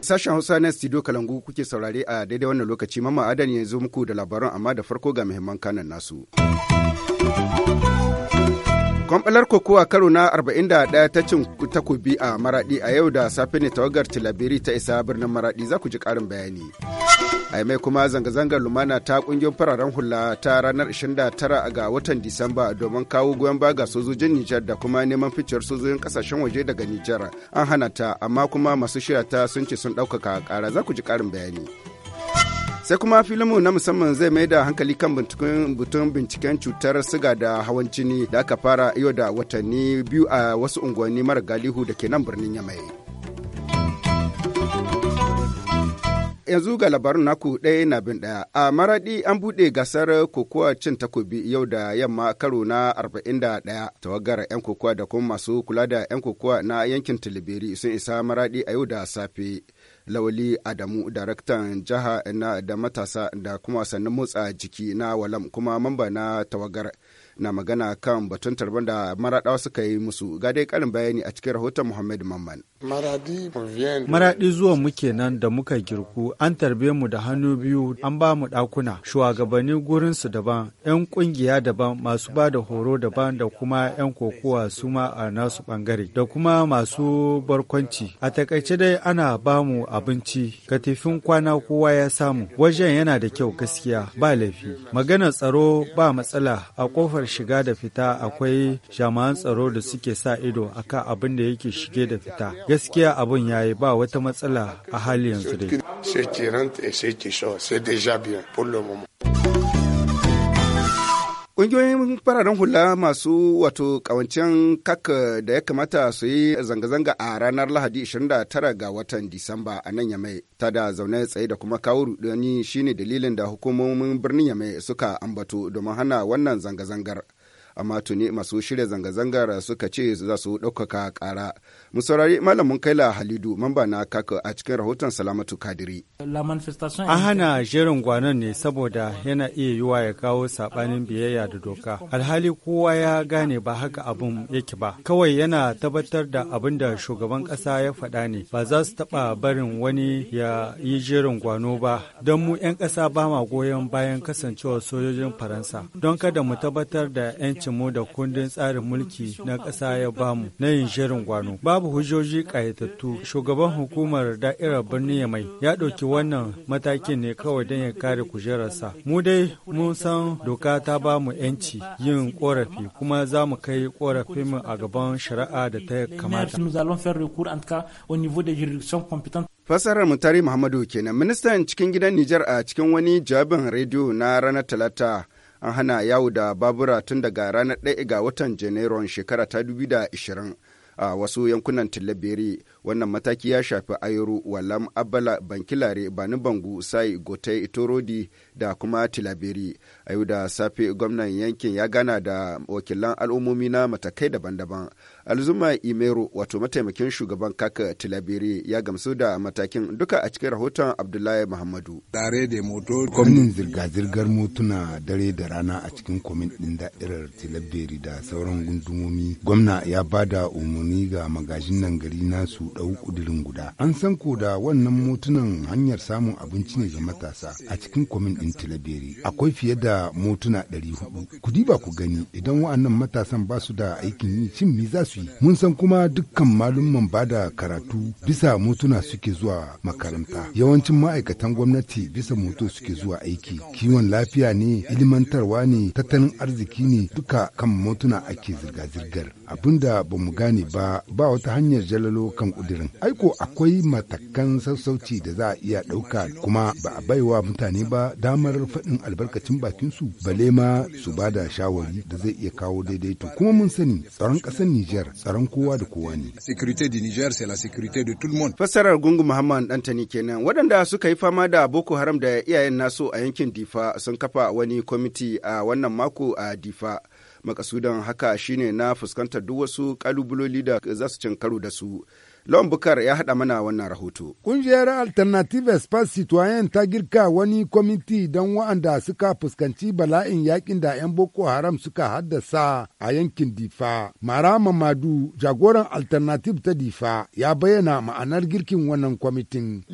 Sashen Hausa na studio Kalangu kuke saurare a daidai wannan lokaci mamma adani ya zo muku da labaran amma da farko ga muhimman kanan nasu. kwamfalar kokowa karo na 41 ta cin takobi a maraɗi a yau da safe ne tawagar tilabiri ta isa birnin maraɗi za ku ji karin bayani. a mai kuma zanga-zangar lumana ta kungiyar fararen hula ta ranar 29 ga watan disamba domin kawo goyon ga sojojin nijar da kuma neman ficiyar sojojin kasashen waje daga nijar an hana ta amma kuma masu shirya ta sun ce sun ɗaukaka ƙara za ku ji ƙarin bayani sai kuma filinmu na musamman zai mai da hankali kan butun binciken cutar siga da hawan jini da aka fara yau da watanni biyu a wasu unguwanni mara galihu da ke nan birnin yamai yanzu ga labarin naku ɗaya na bin ɗaya. A Maraɗi an buɗe gasar kokowa cin takobi yau da yamma karo na arba'in da 41. Tawagar 'yan kokowa da kuma masu kula da 'yan kokowa na yankin Tilibiri sun isa Maraɗi a yau da safe. Lawali Adamu, daraktan jiha na da matasa da kuma sannan motsa jiki na walam kuma mamba na tawagar. na magana kan batun tarban da maraɗawa suka yi musu ga dai karin bayani a cikin rahoton muhammad mamman maraɗi zuwa muke nan da muka girku an tarbe mu da hannu biyu an ba mu ɗakuna. shugabanni gurin su daban yan ƙungiya daban masu ba da horo daban da kuma yan kokowa su ma a nasu bangare da kuma masu barkwanci a takaice dai ana ba mu abinci katifin kwana kowa ya samu wajen yana da kyau gaskiya ba laifi maganar tsaro ba matsala a kofar shiga da fita akwai jama'an tsaro da suke sa ido akan abin da yake shige da fita gaskiya abin yi ba wata matsala a hali yanzu dai Ƙungiyoyin fararen hula masu wato ƙawancen kaka da ya kamata su yi zanga-zanga a ranar Lahadi 29 ga watan Disamba a nan Yamai. Ta da zaune tsaye da kuma kawo rudani shine dalilin da hukumomin birnin Yamai suka ambato domin hana wannan zanga-zangar. amma tuni masu shirya zanga-zangar suka ce za su ɗaukaka ƙara. Mu saurari malamin Kaila Halidu mamba na kaka a cikin rahoton Salamatu Kadiri. An hana jerin gwanon ne saboda yana iya yiwa ya kawo saɓanin biyayya da doka. Alhali kowa ya gane ba haka abin yake ba. Kawai yana tabbatar da abin da shugaban ƙasa ya faɗa ne. Ba za su taɓa barin wani ya yi jerin gwano ba. Don mu 'yan ƙasa ba ma goyon bayan kasancewa sojojin Faransa. Don kada mu tabbatar da 'yan mu da kundin tsarin mulki na ƙasa ya bamu na yin shirin gwano. Babu hujjoji ƙayatattu shugaban hukumar da'irar birnin Yamai ya ɗauki wannan matakin ne kawai don ya kare kujerarsa. Mu dai mun san doka ta bamu 'yanci yin ƙorafi kuma za mu kai ƙorafinmu a gaban shari'a da ta kamata. Fasarar Mutari Muhammadu kenan ministan cikin gidan Nijar a cikin wani jabin rediyo na ranar Talata. an hana yawo da babura tun daga ranar 1 ga watan janairun shekara ta 2020 a wasu yankunan tilaberi wannan mataki ya shafi ayoro walam abala bankilare bani bangu sai gotai torodi da kuma tilaberi a da safe gwamnan yankin ya gana da wakilan al'ummomi na matakai daban-daban alzuma imero wato mataimakin shugaban kaka tilaberi ya gamsu da matakin duka a cikin rahoton abdullahi muhammadu tare da moto kwamnin zirga-zirgar motuna dare da rana a cikin kwamin din da'irar tilaberi da sauran gundumomi gwamna ya ba da umarni ga magajin nan gari nasu ɗau ƙudurin guda. An san ko da wannan motunan hanyar samun abinci ne ga matasa a cikin kwamin ɗin Tilaberi. Akwai fiye da motuna ɗari hudu. Ku diba ku gani idan wa'annan matasan ba su da aikin yi cin mi za su yi. Mun san kuma dukkan malumman ba da karatu bisa motuna suke zuwa makaranta. Yawancin ma'aikatan gwamnati bisa moto suke zuwa aiki. Kiwon lafiya ne, ilimantarwa ne, tattalin arziki ne duka kan motuna ake zirga-zirgar. Abinda ba mu gane ba ba wata hanyar jalalo kan kudirin. Aiko akwai matakan sassauci da za a iya ɗauka kuma ba a baiwa mutane ba damar faɗin albarkacin bakinsu bale ma su ba da shawari da zai iya kawo daidaito. Kuma mun sani tsaron ƙasar Nijar tsaron kowa da kowa ne. de niger c'est la tout le monde. Fassarar Gungu Muhammad Dantani kenan waɗanda suka yi fama da Boko Haram da iyayen nasu a yankin Difa sun kafa wani kwamiti a wannan mako a Difa. makasudan haka shine na fuskantar duk wasu kalubuloli da za su cin karo da su Lawan Bukar ya haɗa mana wannan rahoto. Kungiyar Alternative Espace Citoyen ta girka wani kwamiti don wa'anda suka fuskanci bala'in yakin da 'yan Boko Haram suka haddasa a yankin Difa. Mara Mamadu, jagoran Alternative ta Difa, ya bayyana ma'anar girkin wannan kwamitin.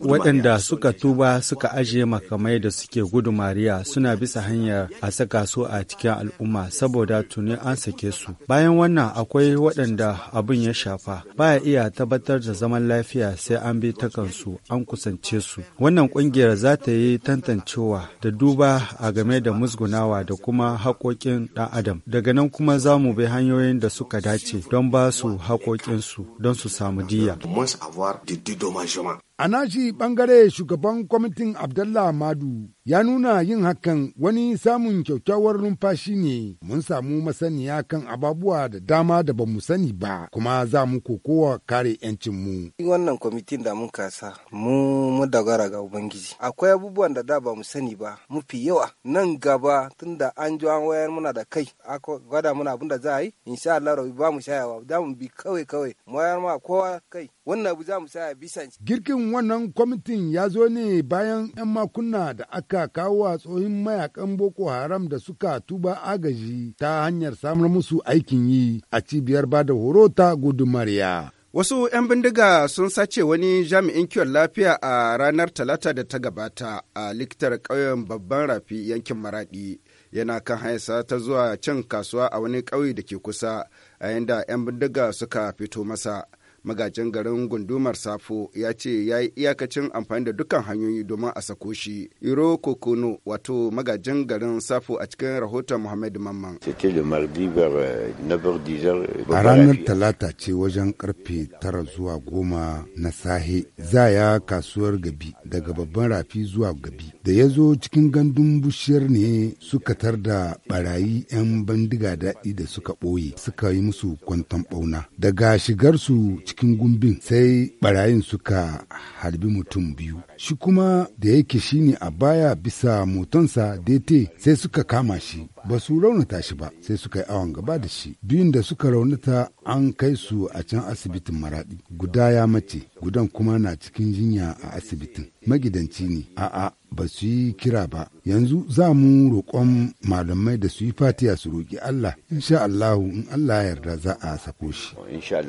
Waɗanda suka tuba suka ajiye makamai da suke gudu Mariya suna bisa hanyar a saka su a cikin al'umma saboda tuni an sake su. Bayan wannan akwai waɗanda abin ya shafa. za iya tabbatar da zaman lafiya sai an bi ta kansu an kusance su. Wannan kungiyar za ta yi tantancewa da duba a game da musgunawa da kuma haƙoƙin ɗan adam. Daga nan kuma za mu bi hanyoyin da suka dace don ba su haƙoƙinsu don su samu diya. A naji ɓangare shugaban kwamitin Abdallah Madu ya nuna yin hakan wani samun kyakkyawar numfashi ne mun samu masaniya kan ababuwa da dama da ba mu sani ba kuma za mu kokowa kare mu. wannan kwamitin da mun kasa mu mu dagara ga ubangiji akwai abubuwan da da ba mu sani ba mafi yawa nan gaba tunda an jo an wayar muna da kai aka gwada muna abin da za a yi insha Allah rabi ba mu shayawa za mu bi kawai kawai mu wayar ma kowa kai wannan abu za mu shaya bisan girkin wannan kwamitin ya zo ne bayan 'yan makunna da aka suka kawo wa tsohin mayakan Boko Haram da suka tuba agaji ta hanyar samar musu aikin yi a cibiyar bada horo ta gudumariya. Wasu 'yan bindiga sun sace wani jami'in kiwon lafiya a ranar talata da ta gabata a likitar ƙauyen babban rafi yankin Maraɗi. Yana kan haisa ta zuwa cin kasuwa a wani ƙauye da ke kusa, a yanda 'yan bindiga suka fito masa. magajin garin gundumar safo ya ce ya yi iyakacin amfani da dukkan hanyoyi domin a sako shi iro kokono wato magajin garin safo a cikin rahoton muhammad mamman euh, a ranar talata ce wajen karfe tara zuwa goma na sahe za ya kasuwar gabi daga babban rafi zuwa gabi da ya zo cikin gandun bushiyar ne suka tar da barayi 'yan bandiga daɗi da suka ɓoye suka yi musu kwanton ɓauna daga shigarsu cikin cikin gumbin sai barayin suka harbi mutum biyu. Shi kuma da yake shine a baya bisa motonsa DT sai suka kama shi. ba su raunata shi ba sai suka yi awon gaba da shi biyun da suka raunata an kai su a can asibitin maradi guda ya mace gudan kuma na cikin jinya a asibitin magidanci ne a'a ba su yi kira ba yanzu za mu roƙon malamai da su yi fatiya su roƙi Allah insha Allahu in Allah yarda za a sako shi insha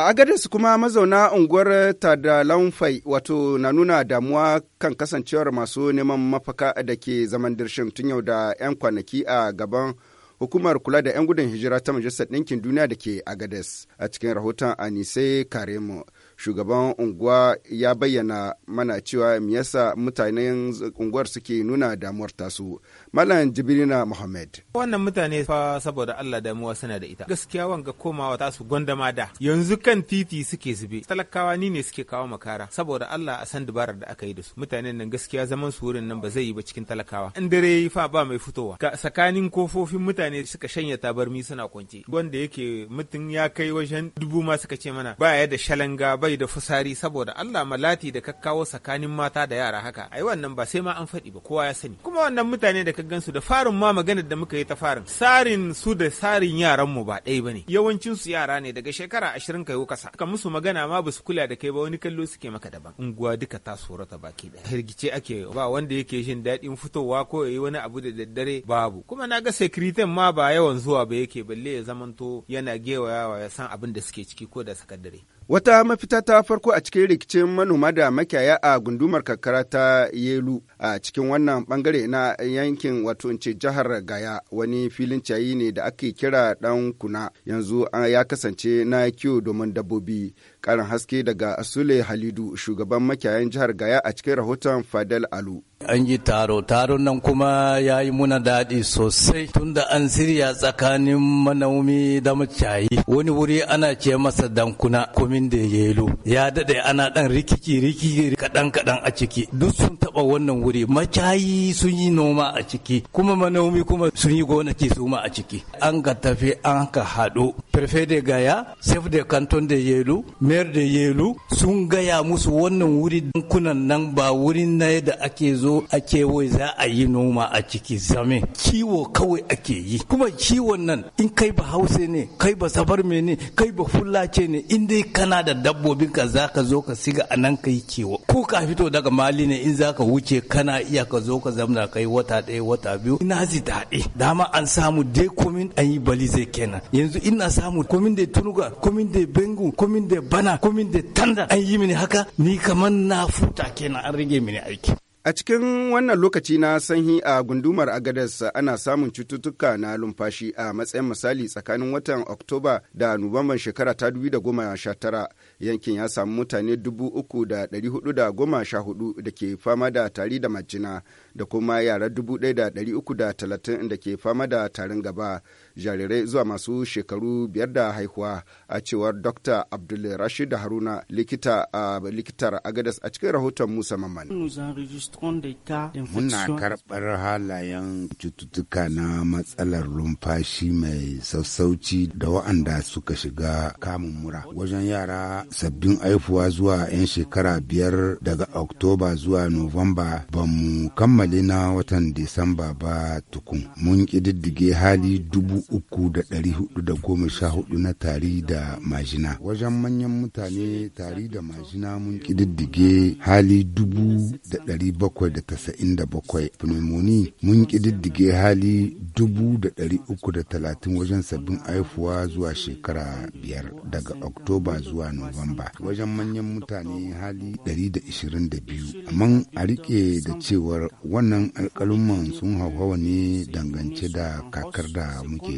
A su kuma mazauna unguwar Tadalanfai wato na nuna damuwa kan kasancewar masu neman mafaka da ke zaman dirshin tun yau da 'yan kwanaki a gaban hukumar kula da 'yan gudun hijira ta Majalisar Ɗinkin Duniya da ke Agades a cikin rahoton Anise Karemu. shugaban unguwa ya bayyana mana cewa miyasa mutanen unguwar suke nuna damuwar tasu malam jibrina muhammad wannan mutane fa saboda allah damuwa suna da ita gaskiya wanga komawa tasu gwandama da yanzu kan titi suke zube talakawa ni ne suke kawo makara saboda allah a san dabarar da aka yi da su mutanen nan gaskiya zaman su wurin nan ba zai yi ba cikin talakawa in dare yi fa ba mai fitowa ga tsakanin kofofin mutane suka shanya tabarmi suna kwance wanda yake mutum ya kai wajen dubu ma suka ce mana ba ya da shalanga ba bai da fusari saboda Allah malati da kakkawo tsakanin mata da yara haka ai wannan ba sai ma an faɗi ba kowa ya sani kuma wannan mutane da ka gansu da farin ma maganar da muka yi ta farin sarin su da sarin yaran mu ba ɗaya bane yawancin su yara ne daga shekara ashirin kai kasa ka musu magana ma ba su kula da kai ba wani kallo suke maka daban unguwa duka ta sorata baki ɗaya hirgice ake ba wanda yake jin daɗin fitowa ko yayi wani abu da daddare babu kuma na ga sekiritan ma ba yawan zuwa ba yake balle ya zamanto yana gewayawa ya san abin da suke ciki ko da sakaddare Wata mafita ta farko a cikin rikicin manoma da makiyaya a gundumar karkara ta Yelu a cikin wannan bangare na yankin wato ce jihar Gaya wani filin ciyayi ne da ake kira dan kuna yanzu ya kasance na kiwo domin dabbobi. Karin haske daga Sule Halidu shugaban makiyayan jihar Gaya a cikin rahoton Fadel Alu. An yi taro, taron nan kuma ya yi muna daɗi sosai tunda an sirya tsakanin manaumi da macayi Wani wuri ana ce masa dankuna kumin da yelo. Ya daɗe ana ɗan rikici rikici kaɗan kaɗan a ciki. Duk sun taɓa wannan wuri macayi sun yi noma a ciki kuma manaumi kuma sun yi gonaki su ma a ciki. An ka tafi an ka haɗu. perfe de Gaya, sef de Canton de Yelo, mayar da yelu sun gaya musu wannan wuri dankunan nan ba wurin na da ake zo a kewaye za a yi noma a ciki zame kiwo kawai ake yi kuma kiwon nan in kai ba hausa ne kai ba safar me ne kai ba fulace ne in dai kana da dabbobin ka za ka zo ka siga a nan ka yi kiwo ko ka fito daga mali ne in za ka wuce kana iya ka zo ka zamna kai wata ɗaya wata biyu ina zi daɗe dama an samu dai komin an yi bali zai kenan yanzu ina samu komin da tunuga komin da bengu komin da bana kumin da tanda an yi mini haka ni kamar na futa kenan an rage mini aiki A cikin wannan lokaci na sanyi a gundumar Agadas ana samun cututtuka na lumfashi a matsayin misali tsakanin watan Oktoba da Nuwamban shekara ta tara yankin ya samu mutane 3,414 da ke fama da tari da majina da kuma yara 1,330 da ke fama da tarin gaba jarirai zuwa masu shekaru biyar da haihuwa a cewar dr abdul rashid haruna likita a likitar agadas a cikin rahoton musa mamman muna karɓar halayen cututtuka na matsalar lumfashi mai sassauci da wa'anda suka shiga kamun mura wajen yara sabbin haihuwa zuwa 'yan shekara biyar daga oktoba zuwa nuwamba ba mu kammale na watan disamba ba tukun mun ƙididdige hali dubu uku da dari hudu da goma sha hudu na tari da majina wajen manyan mutane tari da majina mun kididdige hali dubu da dari bakwai da tasa'in da bakwai pneumoni mun kididdige hali dubu da dari uku da talatin wajen sabbin haifuwa zuwa shekara biyar daga oktoba zuwa nuwamba wajen manyan mutane hali dari da ishirin da biyu amma a riƙe da cewar wannan alkalumman sun hauhawa ne dangance da kakar da muke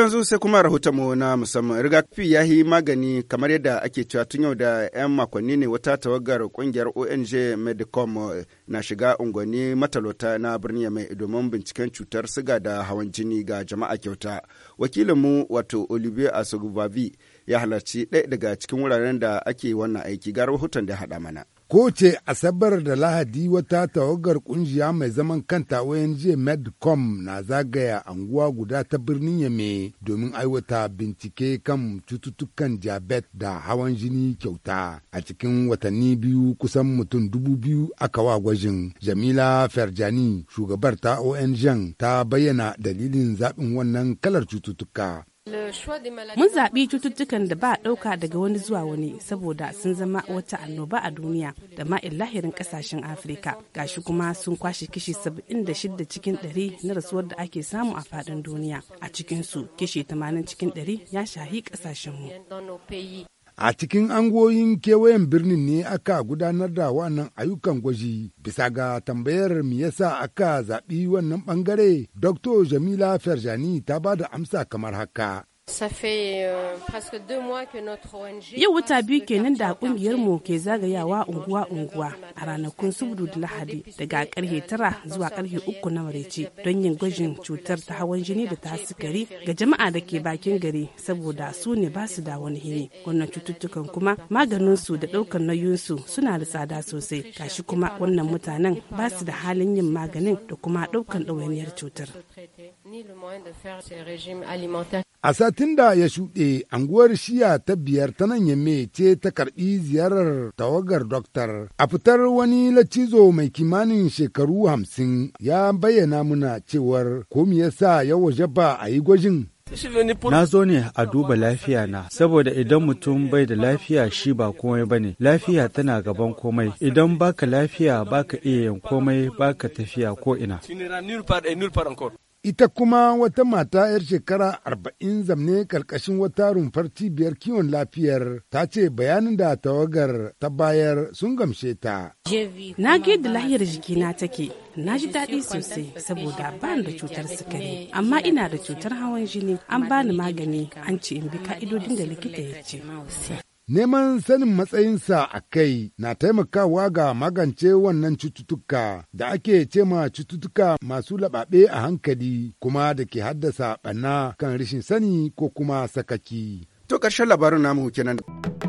yanzu sai kuma rahotonmu na musamman rigakafi ya yi magani kamar yadda ake cewa tun yau da 'yan makonni ne wata tawagar kungiyar ong medicom eh, na shiga unguwanni matalauta na birnin mai domin binciken cutar siga da hawan jini ga jama'a kyauta wakilinmu wato olivier asogubavi ya halarci ɗaya daga cikin wuraren da ake wannan aiki ga rahoton da haɗa mana Kowace Asabar da Lahadi wata tawagar kungiya mai zaman kanta ONG Medcom na zagaya anguwa guda ta birnin Yame domin aiwata bincike kan cututtukan jabet da hawan jini kyauta. A cikin watanni biyu kusan mutum dubu biyu aka wa gwajin. Jamila Ferjani, shugabar ta ONG ta bayyana dalilin zaɓin wannan kalar cututtuka. Mun zaɓi cututtukan da ba a ɗauka daga wani zuwa wani saboda sun zama wata annoba a duniya da ma lahirin ƙasashen Afirka. Gashi kuma sun kwashe kishi 76 cikin 100 na rasuwar da ake samu a faɗin duniya. A cikinsu kishi 80 cikin 100 ya shahi ƙasashenmu. A cikin angoyin kewayen birnin ne aka gudanar da wannan ayyukan gwaji bisa ga tambayar me yasa aka zaɓi wannan ɓangare. Dr. Jamila Ferjani ta ba da amsa kamar haka. Euh, Yau wata biyu kenan da mu ke zagayawa unguwa-unguwa a ranakun Subdu da Lahadi daga karfe tara zuwa karfe uku na maraice don yin gwajin cutar ta hawan jini da ta sukari ga jama'a da ke bakin gari saboda su ne ba su da wani hini. Wannan cututtukan kuma maganin su da ɗaukar nauyinsu suna da tsada sosai. Gashi kuma wannan mutanen ba su da halin yin maganin da kuma ɗaukar ɗawainiyar cutar. A satin da ya shuɗe, anguwar shiya ta biyar ta nan yamme ce ta karɓi ziyarar tawagar doktar. A fitar wani lacizo mai kimanin shekaru hamsin ya bayyana muna cewar ko me yasa ya waje ba a yi gwajin. Na zo ne a duba lafiya na, saboda idan mutum bai da lafiya shi ba komai ba ne, lafiya tana gaban komai, idan baka lafiya baka iya yin komai baka tafiya ko ina. Ita kuma wata mata 'yar shekara arba'in zamne karkashin wata rumfar cibiyar kiwon lafiyar ta ce bayanin da tawagar ta bayar sun gamshe ta. Na ga yadda lahiyar jikina take, na ji daɗi sosai saboda ba da cutar sukari, amma ina da cutar hawan jini an bani magani an ce in bi ka'idodin da likita ya ce. Neman sanin matsayinsa a kai na taimakawa ga magance wannan cututtuka da ake cema cututtuka masu laɓaɓe a hankali kuma da ke haddasa ɓanna kan rashin sani ko kuma sakaki. To ƙarshen labarin namu kenan.